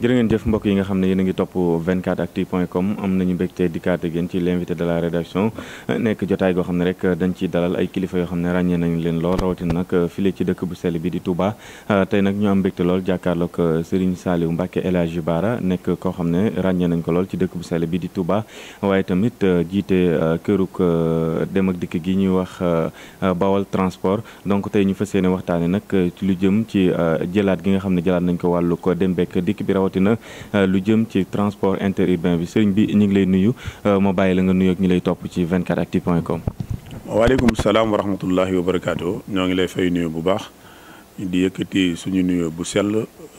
jërë ngeen jëf mbokk yi nga xam ne yéen ngi topp 24actu point com am nañu mbégte dikkaat ak yéen ci l'invité de la rédaction nekk jotaay goo xam ne rek dañ ciy dalal ay kilifa yoo xam ne ràññee nañ leen lool rawatina nag file ci dëkk bu sell bi di Touba tey nag ñu am mbégte lool jàkkaarloog Serigne Saliou Mbacké El Hadji Bara nekk koo xam ne ràññee nañ ko lool ci dëkk bu sell bi di Touba waaye tamit euh, jiite euh, këruk euh, dem ak dikk gi ñuy wax Bawal transport donc tey ñu fas yéene waxtaane nag lu jëm ci jëlaat gi nga xam ne jëlaat nañ ko wàllu ko dem bekk dikk bi rawatina euh, lu jëm ci transport interurbain bi sëriñ bi ñu ngi lay nuyu euh, ma bàyyi la nga nuyu ak ñi lay topp ci 24actu point com. waaleykum salaam wa rahmatullahi wa barakaatu ñoo ngi lay fay nuyu bu baax di yëkkati suñu nuyoo bu sell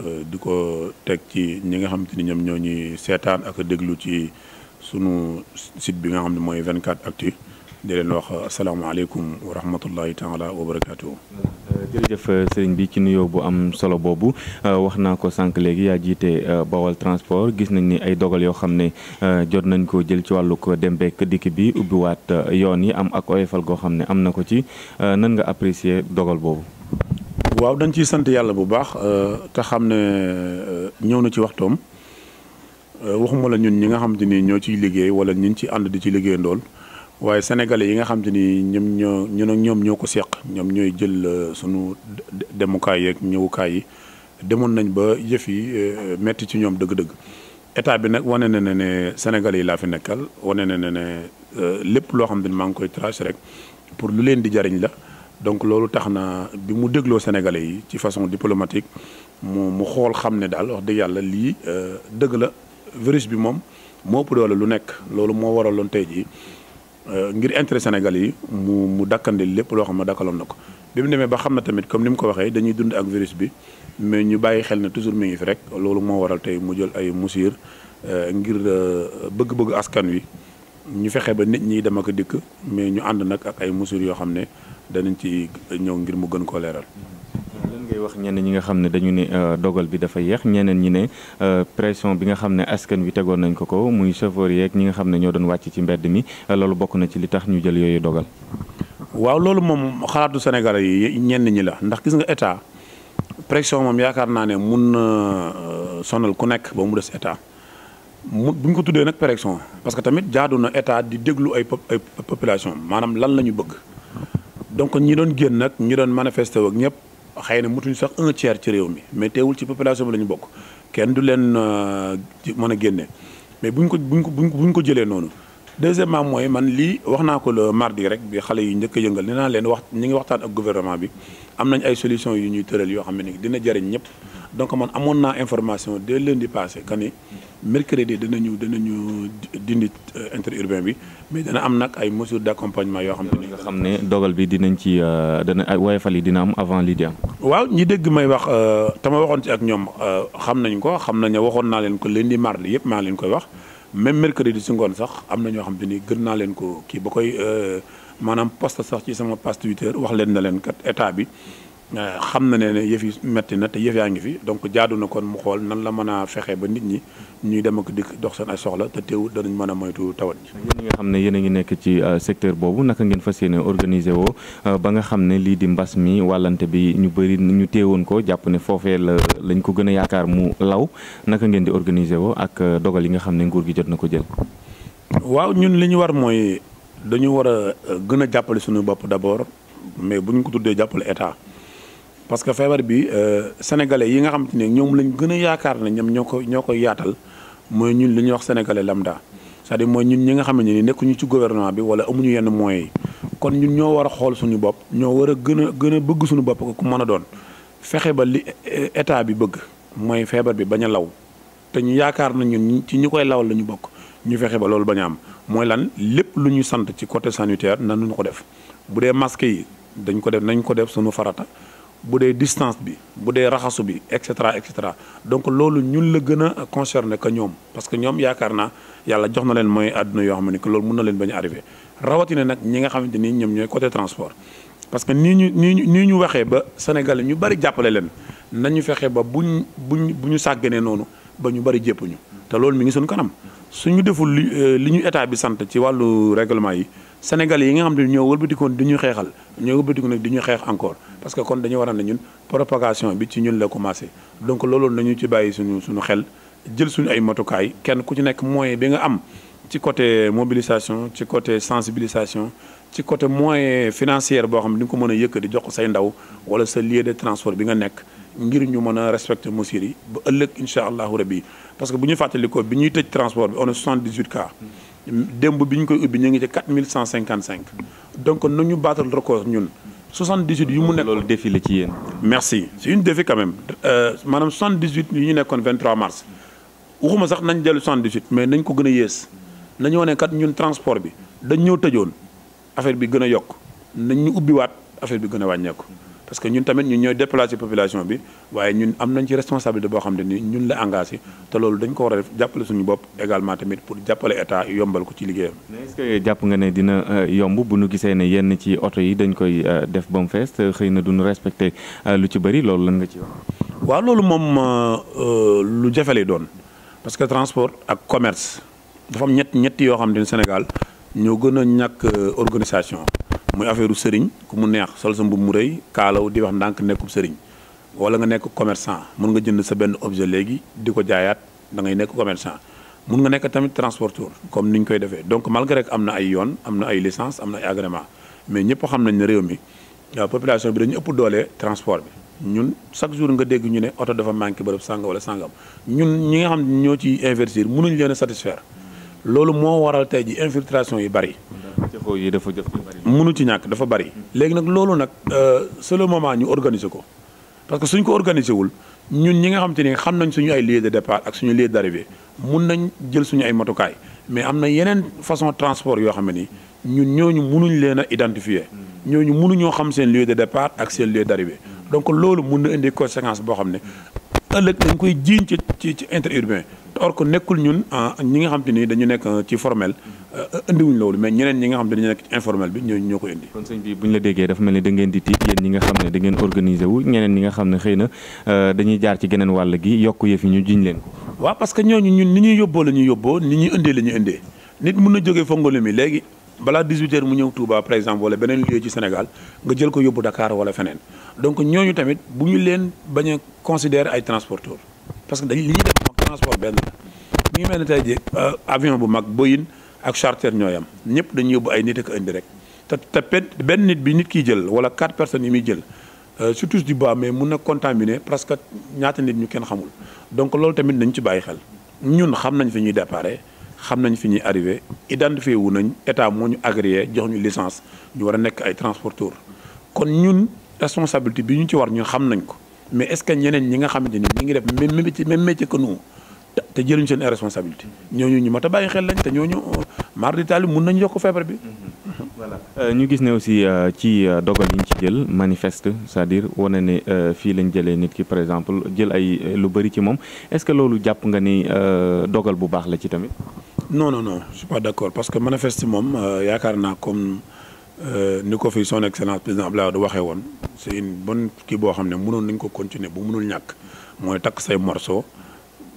euh, di ko teg ci ñi nga xam te ni ñoom ñoo ñuy seetaan ak déglu ci sunu site bi nga xam ne mooy 24actu. di leen wax asalaamaaleykum wa rahmatullahi taala wa barakaatu. jërëjëf euh, sëriñ bi ci nuyoo bu am solo boobu euh, wax naa ko sànq léegi yaa jiite euh, Bawal transport gis nañ ni ay dogal yoo xam ne jot nañ ko jël ci wàllu ko dem beek dikk bi ubbiwaat yoon yi am ak oyofal goo xam ne am na ko ci nan nga apprécier dogal boobu. waaw dañ ci sant yàlla bu baax te xam ne ñëw na ci waxtoom waxuma la ñun ñi nga xam te ni ñoo ciy liggéey wala ñi ci ànd di ci liggéey waaye sénégalais yi nga xam ni ñoom ñoo ñun ak ñoom ñoo ko seq ñoom ñooy jël euh, sunu demukaay yeeg ñëwukaay yi demoon nañ ba yëf yi euh, metti ci ñoom dëgg-dëgg état bi nag wane na ne ne sénégalais yi laa fi nekkal wane na ne ne euh, lépp loo xam ne ni maa ngi koy tracer rek pour lu leen di jariñ la donc loolu tax na bi mu dégloo sénégalais yi ci façon diplomatique mu mu xool xam ne daal wax dëgg yàlla lii dëgg la virus bi moom moo ëpp doole lu nekk loolu moo waraloon tey jii Euh, ngir intérêt Sénégal yi mu mu dakkandi lépp loo xam ma dakkaloon na ko bi mu demee ba xam na tamit comme ni mu ko waxee dañuy dund ak virus bi mais ñu bàyyi xel na toujours mi ngi fi rek loolu moo waral tey mu jël ay mesures euh, ngir euh, bëgg-bëgg askan wi ñu fexe ba nit ñi dem ak dikk mais ñu ànd nag ak ay mesures yoo xam ne danañ ci ñëw ngir mu gën koo leeral. ngay wax ñenn ñi nga xam ne dañu ne euh, dogal bi dafa yéex ñeneen ñi ne euh, pression bi nga xam ne askan wi tegoon nañ ko ko muy chauffeur yeeg ñi nga xam ne ñoo doon wàcc ci mbedd mi euh, loolu bokk na ci li tax ñu jël yooyu dogal. waaw loolu moom xalaatu sénégal yi ñenn ñi la ndax gis nga état pression moom yaakaar naa ne mun na sonal ku nekk ba mu des état mu bu ñu ko tuddee nag pression parce que tamit jaadu na état di déglu ay ay population maanaam lan la ñu bëgg donc ñi doon génn nag ñi doon manifester ak ñëpp. xëy na mutuñ sax un tiers ci réew mi mais teewul ci population bi la ñu bokk kenn du leen euh, mën a génne mais buñ ko buñ ko buñ ko jëlee noonu. deuxièmement mooy man lii wax naa ko le mardi rek bi xale yu njëkk yëngal nee naa leen wax ñi ngi waxtaan ak gouvernement bi am nañ ay solution yu ñuy tëral yoo xam ne dina jariñ ñëpp. donc man amoon naa information dès lundi passé que ni mercredi dana ñu dindi euh, interurbain bi mais dana am nag ay mesures d'accompagnement yoo xam te ni nga xam ne dogal bi dinañ ci euh, dana ay woyofal yi dina am avant lii di waaw ñi dégg may wax euh, tama waxoon ci ak ñoom xam nañ ko xam nañu waxoon naa leen ko leen di mardi yëpp maa leen koy wax même mercredi si ngoon sax am na ñoo xam te ni gën naa leen ko kii ba koy maanaam poste sax ci sama page Twitter wax leen na leen kat état bi. Euh, xam na ne ne yëf metti na te yëf yaa ngi fi donc jaadu na kon mu xool nan la mën a fexe ba nit ñi ñuy dem ak dikk dox seen ay soxla te teewul danañ mën a moytu tawat ji. nga xam ne yéen a ngi nekk ci euh, secteur boobu naka ngeen fa yéene organiser woo euh, ba nga xam ne lii di mbas mi wàllante bi ñu bëri ñu teewoon ko jàpp ne foofee la lañ ko gën a yaakaar mu law naka ngeen di organiser woo ak dogal yi nga xam ne nguur gi jot na ko jël. waaw ñun li ñu war mooy dañu war a gën a jàppale suñu bopp d'abord mais bu ñu ko tuddee jàppale état parce que feebar bi euh, sénégalais yi nga xam te ne ñoom lañ gën a yaakaar ne ñoom ñoo ko ñoo koy yaatal mooy ñun li ñuy wax sénégalais lambda sa à mooy ñun ñi nga ni nekkuñu ci gouvernement bi amuñu yenn moyens kon ñun ñoo war a xool suñu bopp ñoo war a gën a gën a bëgg suñu bopp ko ku mën a doon fexe ba li état bi bëgg mooy feebar bi bañ a law te ñu yaakaar na ñun ci ñu koy lawal lañu bokk ñu fexe ba loolu bañ am mooy lan lépp lu ñu sant ci côté sanitaire nañu ko def bu dee masque yi dañ ko def nañ ko def suñu farata bu dee distance bi bu dee raxasu bi et cetera et cetera donc loolu ñun la gën a concerné que ñoom parce que ñoom yaakaar naa yàlla jox na leen mooy àdduna yoo xam ne que loolu mun na leen bañ a arrivé rawatina nag ñi nga xamante ni ñoom ñooy côté transport. parce que nii ñu nii ñu nii ñu waxee ba Sénégal ñu bari jàppale leen nañu fexe ba buñ ñu bu ñu sàgganee noonu ba ñu bari jéppuñu te loolu mu ngi suñu kanam suñu deful euh, li ñu état bi sant ci wàllu réglement yi. sénégal yi nga xam ne ñoo wëlbatikoon di ñu xeexal ñoo wëlbatiku nag di ñu xeex encore parce que kon dañu war a ne ñun propagation bi ci ñun la commencé donc loolu nañu ci bàyyi suñu suñu xel jël suñu ay matukaay kenn ku ci nekk moyen bi nga am ci côté mobilisation ci côté sensibilisation ci côté moyen financier boo xam ne di nga ko mën a yëkk di jox ko say ndaw wala sa lieu de transport bi nga nekk ngir ñu mën a respecter mesures yi ba ëllëg incha allahu rabi parce que bu ñu fàttalikoo bi ñuy tëj transport bi on est 78 démb bi ñu koy ubbi ñu ngi ci 4155 donc nañu battre record ñun 78 yu mu nekk loolu défi la ci yéen. merci c' est une défi quand même euh, maanaam 78 yu ñu nekkoon 23 mars waxuma sax nañ dellu 78 mais nañ ko gën a yées nañu wane kat ñun transport bi dañ ñëw tëjoon affaire bi gën a yokk nañ ñu ubbiwaat affaire bi gën a wàññeeku. parce que ñun tamit ñun ñooy déplacer population bi waaye ñun am nañ ci responsabilité boo xam ne ni ñun la engagé te loolu dañ ko war a def jàppale suñu bopp également tamit pour jàppale état yombal ko ci liggéeyam. mais est jàpp nga ne dina euh, yomb bu nu gisee ne yenn ci oto yi dañ koy euh, def ba mu fees te xëy na duñu respecté euh, lu ci bëri loolu lan nga ci wax. waaw loolu moom lu jafe lay doon parce que transport ak commerce dafa am ñett ñetti yoo xam ne Sénégal ñoo gën a ñàkk organisation. muy affaire sëriñ ku mu neex sol sa mbubb mu rëy kaalaw di wax ndànk nekkub sëriñ wala nga nekk commerçant mun nga jënd sa benn objet léegi di ko jaayaat da ngay nekk commerçant mun nga nekk tamit transporteur comme ni ñu koy defee donc malgré que am na ay yoon am na ay licence am na ay agrément mais ñëpp xam nañ ne réew mi euh, population bi dañu ëpp doole transport bi ñun chaque jour nga dégg ñu ne oto dafa manqué bërëb sànga wala sàngam ñun ñi nga xam ñoo ci investir mënuñ leen a satisfaire loolu moo waral tey ji infiltration yi bari. yi dafa jëf mënu ci ñàkk dafa bari. léegi nag loolu nag euh, c'est le moment ñu organiser ko parce que suñ ko organiser wul ñun ñi nga xam te ni xam nañ suñu ay lieu de départ ak suñu lieu bi mun nañ jël suñu ay matukaay mais am na yeneen façon transport yoo xam ne ni ñun ñooñu munuñ leen a identifier. ñooñu munuñoo xam seen lieu de départ ak seen lieu d'arrivée donc loolu mun na indi conséquence boo xam ne ëllëg dañ koy jiiñ ci ci ci interurbain or que nekkul ñun ah, ñi nga xam te ni dañu nekk ah, ci formel ah, indiwuñ loolu mais ñeneen ñi nga xam te dañu nekk ci informel bi ñoo ñoo ko indi. kon sëñ bu ñu la déggee dafa mel ni da ngeen di tiit yéen ñi nga xam ne da ngeen organisé wu ñeneen ñi nga xam ne xëy na dañuy jaar ci geneen wàll gi yokk yëf yi ñu jiñ leen ko. waaw parce que ñooñu ñun ni ñuy yóbboo la ñuy yóbboo ni ñuy indee la ñuy indee nit mun na jógee Fongoli mi léegi balaa 18 heures mu ñëw Touba par exemple wala beneen lieu ci Sénégal nga jël ko yóbbu Dakar wala feneen donc ñooñu tamit bu ñu leen bañ a considérer ay transporteurs parce que dañuy transport benn la mi ngi mel ne tey jii euh, avion bu mag Boeing ak charter ñoo yam ñëpp dañuy yóbbu ay nit ak indi rek te te benn nit bi nit kiy jël wala quatre personne yi muy jël euh, surtout du bois mais mun na contaminé presque ñaata nit ñu kenn xamul donc loolu tamit nañ ci bàyyi xel ñun xam nañ fi ñuy déparé xam nañ fi ñuy arrivé identifié wu nañ état moo ñu agréé jox ñu licence ñu war a nekk ay transporteur kon ñun responsabilité bi ñu ci war ñun xam nañ ko mais est ñi nga te jëluñ seen responsabilité ñooñu ñu mat a bàyyi xel lañ te ñooñu euh, mar di taali mun nañu yokk feebar bi. Mhm. voilà euh, ñu gis ne aussi euh, ci dogal yi ñu ci jël manifeste c'est-à-dire wane ne fii lañ jëlee nit ki par exemple jël ay lu bari ci moom est-ce que loolu jàpp nga ni dogal bu baax la ci tamit. non non non je suis pas d'accord parce que manifeste moom yaakaar naa comme ni ko fi son excellence président Abdoulaye Wade waxee woon c'est bon bonne kii boo xam ne mënoon nañ ko continuer bu mënul ñàkk mooy takk say morceau.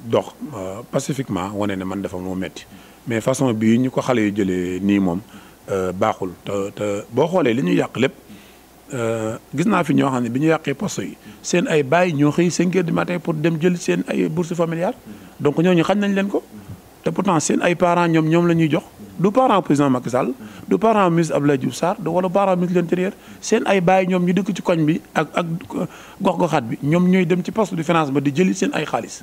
dox euh, pacifiquement wane ne man dafa moo metti mais façon bii ñu ko xale yu jëlee nii moom euh, baaxul te te boo xoolee li ñuy yàq lépp euh, gis naa fi ñoo xam ne bi ñu yàqee poste yi seen ay bàyyi ñoo xëy 5 heures pour dem jël seen ay bourse familiale donc ñooñu xañ nañ leen ko te pourtant seen ay parents ñoom ñoom la ñuy jox du parent président Macky Sall du parent ministre Abdoulaye Diouf Sarr du wala seen ay bàyyi ñoom ñu dëkk ci koñ bi ak ak gox goxaat bi ñoom ñooy dem ci poste de finance ba di jëli seen ay xaalis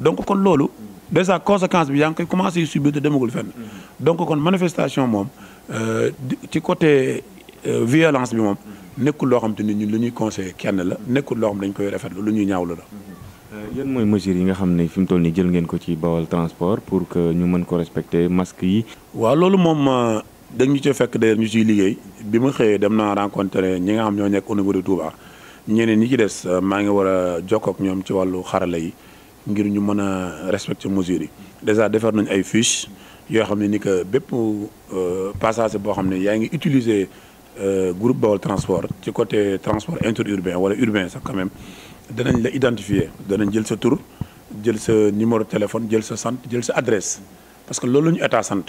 donc kon loolu déjà conséquence bi yaa ngi koy commencé subir te demagul fenn donc kon manifestation moom euh, ci côté euh, violence bi moom nekkul loo xam te ni ñun lu ñuy conseillé kenn la nekkul loo xam dañ koy rafetlu lu ñuy ñaawlu la. Euh, yan mooy mesures yi nga xam ni fi mu toll nii jël ngeen ko ci bawal transport pour que ñu mën ko respecter masque yi. waa loolu moom dañu ci fekk de ñu ciy liggéey bi ma xëyee dem naa rencontré ñi nga xam ñoo nekk au niveau de Touba ñeneen ñi ci des maa ngi war a jokkoo ak ñoom ci wàllu xarala yi. ngir ñu mën a respecter mesures yi déjà defar nañ ay fiches yoo xam ne ni que bépp euh, passager boo xam ne yaa ngi utiliser euh, groupe Baol transport ci côté transport interurbain wala urbain sax quand danañ la identifier danañ jël sa tur jël sa numéro téléphone jël sa sant jël sa adresse parce que loolu la ñu état sant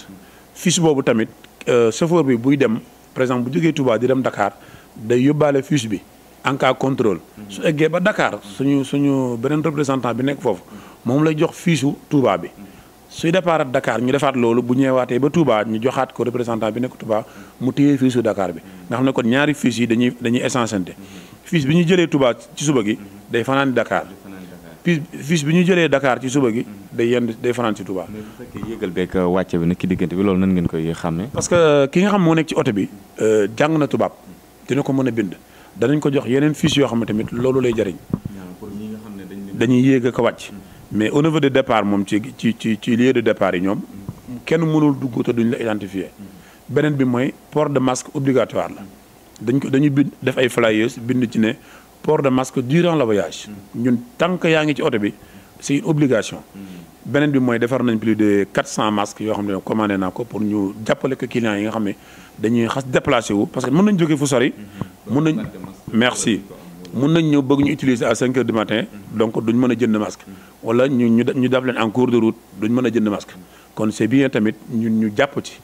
fiche boobu tamit euh, chauffeur bi buy dem par exemple bu jógee Touba di dem Dakar day yóbbaale fiche bi. en cas contrôle. su eggee ba dakaar suñu suñu beneen représentant bi nekk foofu moom lay jox fiisu Touba bi. suy départ dakaar ñu defaat loolu bu ñëwaatee ba Touba ñu joxaat ko représentant bi nekk Touba mu téye fiisu Dakar bi nga xam kon ñaari fiis yi dañuy dañuy essencenté fiis bi ñu jëlee Touba ci suba gi day fanaan dakaar fiis fiis bi ñu jëlee dakaar ci suba gi day yend day fanaan ci Touba. yëgal beeg euh, wàcce bi nag ki diggante bi loolu nan ngeen koy xàmmee. parce que euh, ki nga xam moo nekk ci oto bi euh, jàng na tubaab dina ko mën a bind. danañ ko jox yeneen fiches yoo xam ne tamit loolu lay jëriñ. dañuy yéeg ak wàcc. mais au niveau de départ moom ci ci ci ci lieu de départ yi ñoom. kenn mënul dugg te duñ la identifier. beneen bi mooy port de masque obligatoire la. dañ ko dañu bind def ay flyers bind ci ne port de masque durant le voyage. Mm. ñun tant yaa ngi ci oto bi. c'est une obligation. beneen bi mooy defar nañ plus de 400 masques yoo xam ne commandé naa ko pour ñu jàppale ko clients yi nga xam ne dañuy xas déplacé wu parce que mën nañ jóge fu sori. mun nañ merci. mun nañ ñëw bëgg ñu utiliser à 5 heures du matin donc duñ mën a jënd masque. wala ñu ñu def leen en cours de route duñ mën a jënd masque kon c'est bien tamit ñun ñu jàpp ci.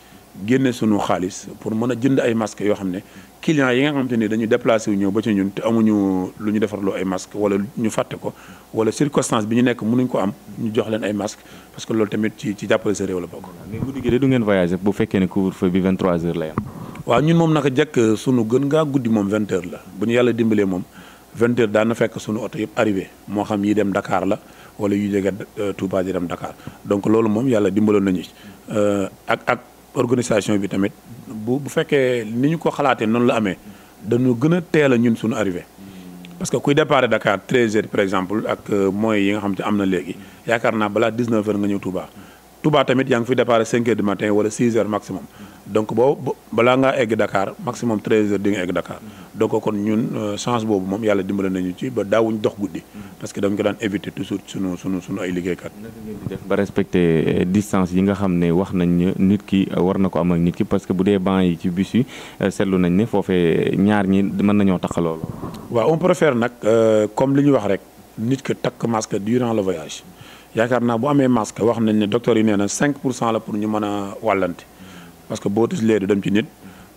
génne sunu xaalis pour mën a jënd ay masques yoo xam ne clients yi nga xamante ni dañuy déplacé wu ñëw ba ci ñun te amuñu lu ñu defarloo ay masques wala ñu fàtte ko wala circonstance bi ñu nekk mënuñ ko am ñu jox leen ay masques parce que loolu tamit ci ci jàppale sa réew la bokk. mais guddi gi de du ngeen voyager bu fekkee ne couvre-feu bi 23h lay am. ñun moom naka jekk sunu gën ngaa guddi moom 20 la bu ñu yàlla dimbalee moom 20h daan na fekk sunu oto yëpp arrivé moo xam yi dem Dakar la. wala yu jóge euh, Touba di dem Dakar donc loolu moom yàlla dimbaloon nañu euh, ak ak organisation bi tamit bu bu fekkee ni ñu ko xalaatee noonu la amee dañu gën a teel a ñun suñu arrivé parce que kuy départ Dakar 13 par exemple ak euh, moyens yi nga xam te am na léegi yaakaar naa balaa 19h nga ñëw Touba. Touba tamit yaa ngi fi départ 5h du matin wala 6h maximum donc boo balaa ngaa egg Dakar maximum 13h di nga egg Dakar. donc kon ñun euh, chance boobu moom yàlla dimbale nañu ci ba daawuñ dox guddi. parce que dañ ko daan éviter toujours sunu sunu sunu ay liggéeykat. def ba respecter euh, distance yi nga xam ne wax nañ nit ki euh, war na ko am ak nit ki parce que bu dee banc yi ci bus yi nañ ni foofee ñaar ñi mën nañoo tax loolu. waaw on préfère nag comme li ñu wax rek nit ki takk masque durant le voyage yaakaar naa bu amee masque wax nañ ne docteur yi nee na 5 pour cent la pour ñu mën a wàllante parce que boo lee du dem ci nit.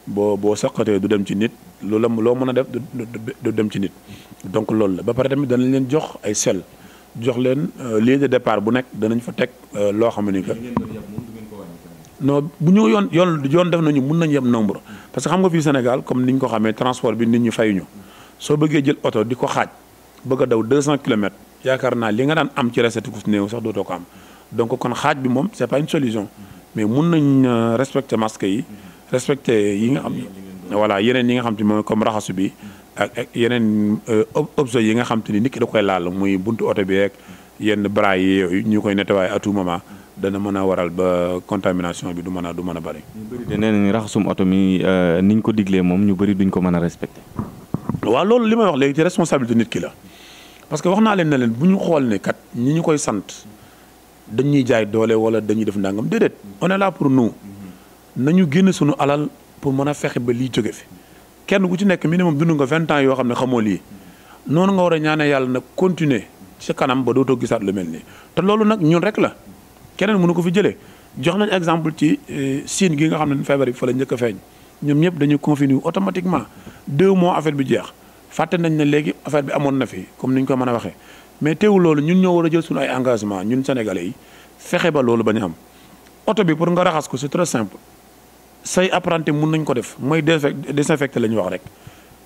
boo boo saqatee du dem ci nit lu la loo mën a def du dem ci nit donc loolu la ba pare tamit danañ leen jox ay sel jox leen euh, lieu de départ bu nekk danañ fa teg euh, loo xam ne que non bu ñu yoon yoon yoon def nañu mun nañu yem nombre parce que xam nga fii Sénégal comme ni ñu ko xamee transport bi nit ñu ñi ñu soo bëggee jël oto di ko xaaj bëgg a daw 200 kilomètres yaakaar naa li nga daan am ci recette ku néew sax dootoo ko am donc kon xaaj bi moom c'est pas une mais mun nañ euh, respecter masque yi respecté yi nga xam voilà yeneen yi nga xam te moom comme raxasu bi ak yeneen euh, objet yi nga xam te ni nit ki da koy laal muy buntu oto bi rek yenn bras yi ñu koy nettoyé à tout moment dana mën a waral ba contamination bi du mën a du mën a bëri. nee nañu raxasum oto mi euh, niñ ko diglee moom ñu bëri duñ ko mën a respecté. waa loolu li may wax léegi ci responsabilité nit ki la parce que wax naa leen ne leen bu ñu xool ne kat ñu ñu koy sant dañuy jaay doole wala dañuy def ndàngam déedéet on est là pour nous. nañu génn suñu alal pour mën a fexe ba lii jóge fi kenn ku ci nekk minimum dund nga vingt ans yoo xam ne xamoo lii noonu nga war a ñaanee yàlla nag continuer ci kanam ba dootoo gisaat lu mel nii te loolu nag ñun rek la keneen mënu ko fi jëlee jox nañ exemple ci euh, Chine gi nga xam ne feebar bi fa la njëkk a feeñ ñoom ñëpp dañuy confiné automatiquement deux mois affaire bi jeex fàtte nañ ne léegi affaire bi amoon na fi comme ni ñu ko mën a waxee mais teewul loolu ñun ñoo war a jël suñu ay engagement ñun sénégalais fexe ba loolu bañ am oto bi pour nga raxas ko c'est très simple. say apprenti mun nañ ko def mooy désinfecté la ñuy wax rek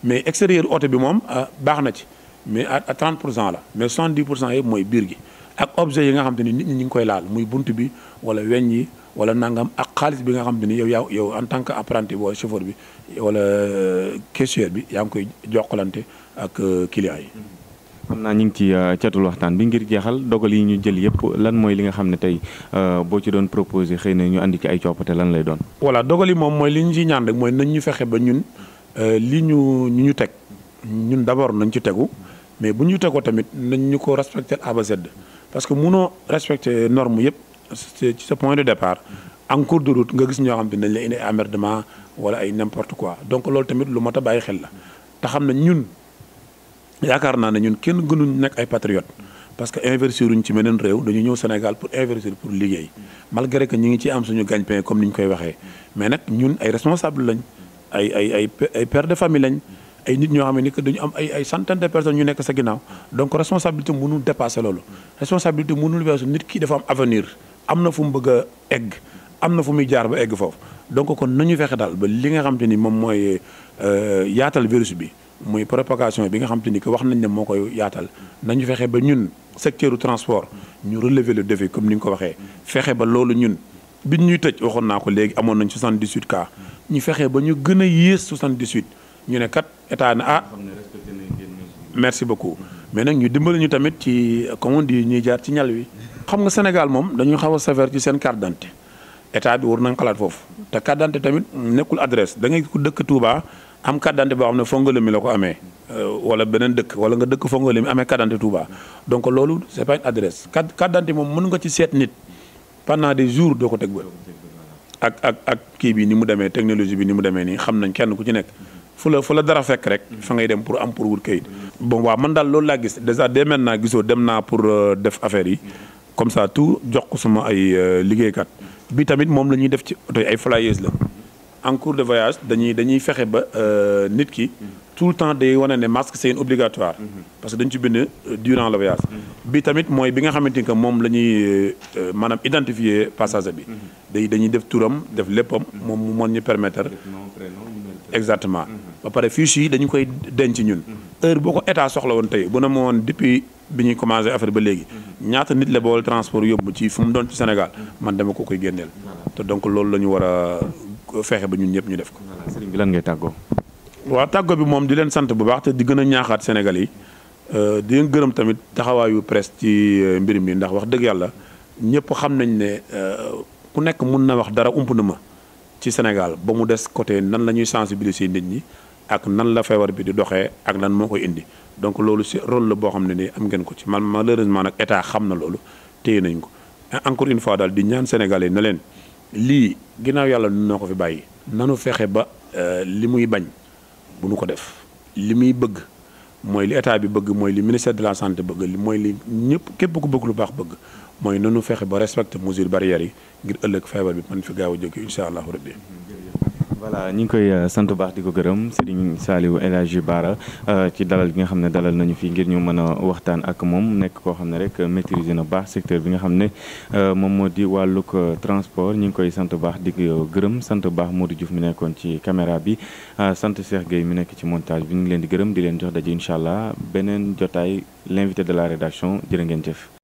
mais extérieur oto bi moom euh, baax na ci mais à 30 pour cent la mais 70 pour cent yëpp mooy biir gi ak objet yi nga xam te ni nit ñi ngi koy laal muy bunt bi wala weñ yi wala nangam ak xaalis bi nga xam te ni yow yaa yow en tant que apprenti wala chauffeur bi wala euh, caissier bi yaa ngi koy jokkalante ak euh, clients yi. xam naa ñu ngi ci euh, catul waxtaan bi ngir jeexal dogal yi ñu jël yëpp lan mooy li nga xam ne tey euh, boo ci doon proposé xëy na ñu andi ki ay coppite lan lay doon. voilà dogal yi moom mooy li ñu ciy ñaan rek mooy nañ ñu fexe ba ñun euh, li ñu ñu ñu teg ñun d' abord nañ ci tegu mais bu ñu tegoo tamit nañ ñu ko respecté A ba parce que munoo respecté norme yëpp ci sa point de départ en cours de route nga gis ñoo xam ne nañ la indi emmerdement wala ay n' importe quoi donc loolu tamit lu mot a bàyyi xel la te xam yaakaar naa ne ñun kenn gënuñ nekk ay patriote parce que investir uñ ci meneen réew dañu ñëw Sénégal pour investir pour liggéey malgré que ñu ngi ciy am suñu gagne-pain comme ni ñu koy waxee mais nag ñun ay responsable lañ ay ay ay ay père de famille lañ ay nit ñoo xam ne que dañu am ay ay centaine de personnes ñu nekk sa ginnaaw donc responsabilité mënul dépasser loolu responsabilité mënul weesu nit ki dafa am avenir am na fu mu bëgg egg am na fu muy jaar ba egg foofu donc kon nañu fexe daal ba li nga xam ni moom mooy euh, yaatal virus bi muy propagation bi nga xam te ni que wax nañ ne moo koy yaatal nañu fexe ba ñun secteur transport ñu relever le défi comme ni nga ko waxee fexe ba loolu ñun biñ ñuy tëj waxoon naa ko léegi amoon nañ 78 cas ñu fexe ba ñu gën a yées 78 ñu ne kat état na ah. merci beaucoup mais nag ñu dimbali ñu tamit ci comment dire ñuy jaar ci ñal wi. xam nga Sénégal moom dañu xaw a sévère ci seen carte d'identité état bi war nañ xalaat foofu te carte tamit nekkul adresse da ngay ku dëkk Touba. am carte d'identité boo xam ne Fongolimbi mi la ko amee euh, wala beneen dëkk wala nga dëkk Fongolimbi mi amee carte d'identité Touba donc loolu c'est pas une adresse carte d'identité moom ci seet nit pendant des jours doo ko teg ak ak ak kii bi ni mu demee technologie bi ni mu demee nii xam nañ kenn ku ci nekk fu la fu la dara fekk rek fa ngay dem pour am pour wut kayit. bon waa man daal loolu laa gis déjà dès maintenant gisoo dem naa pour euh, def affaire yi comme ça tout jox ko sama ay euh, liggéeykat bi tamit moom la ñuy def ci oto ay flyers la. en cours de voyage dañuy dañuy fexe ba euh, nit ki tout le temps day wane ne masque c'est une obligatoire parce que dañu ci bind euh, durant le voyage bi tamit mooy bi nga xamante ni que moom la ñuy euh, maanaam identifier passager bi day dañuy def turam def léppam moom mu mën ñu permettre exactement mhm. ba pare fiche yi dañu koy denc ñun mhm. heure boo ko état soxla woon tey bu na ma woon depuis bi ñuy commencé affaire ba léegi mhm. ñaata nit le la boole transport yóbbu ci fu mu doon ci Sénégal man dama ko koy génneel te donc loolu la ñu war a fexe ba ñun ñëpp ñu def ko. voilà sëriñ bi lan ngay tàggoo. waaw tàggoo bi moom di leen sant bu baax te di gën a ñaaxaat Sénégal yi euh, di leen gërëm tamit taxawaayu presse ci euh, mbir mi ndax wax dëgg yàlla ñëpp xam nañ ne euh, ku nekk mun na wax dara ump na ma ci Sénégal ba mu des côté nan la ñuy sensibiliser nit ñi ak nan la feebar bi di doxee ak lan moo koy indi donc loolu si rôle la boo xam ne nii am ngeen ko ci man malheureusement nag état xam na loolu téye nañ ko encore une fois daal di ñaan Sénégalais na leen. lii ginnaaw yàlla noo ko fi bàyyi nanu fexe ba euh, li muy bañ bu nu ko def li muy bëgg mooy li état bi bëgg mooy li ministère de la santé bëgg li mooy li ñëpp képp ku bëgg lu baax bëgg mooy nanu fexe ba respecter mesures barrières yi ngir ëllëg feebar bi man fi gaaw a jóge incha allahu rabbi voilà ñu ngi koy euh, sant baax di ko gërëm Serigne Saliou El Hadji Bara euh, ci dalal bi nga xam ne dalal nañu fii ngir ñu mën a waxtaan ak moom nekk koo xam ne rek maîtriser na baax secteur bi nga xam ne euh, moom moo di wàllug transport ñu ngi koy sant baax di ko gërëm sant baax moo di Diouf mu nekkoon ci caméra bi sant Cheikh Gueye mi nekk ci montage bi ñu ngi leen di gërëm di leen jox daje incha allah beneen jotaay l'invité de la rédaction jërë ngeen jëf.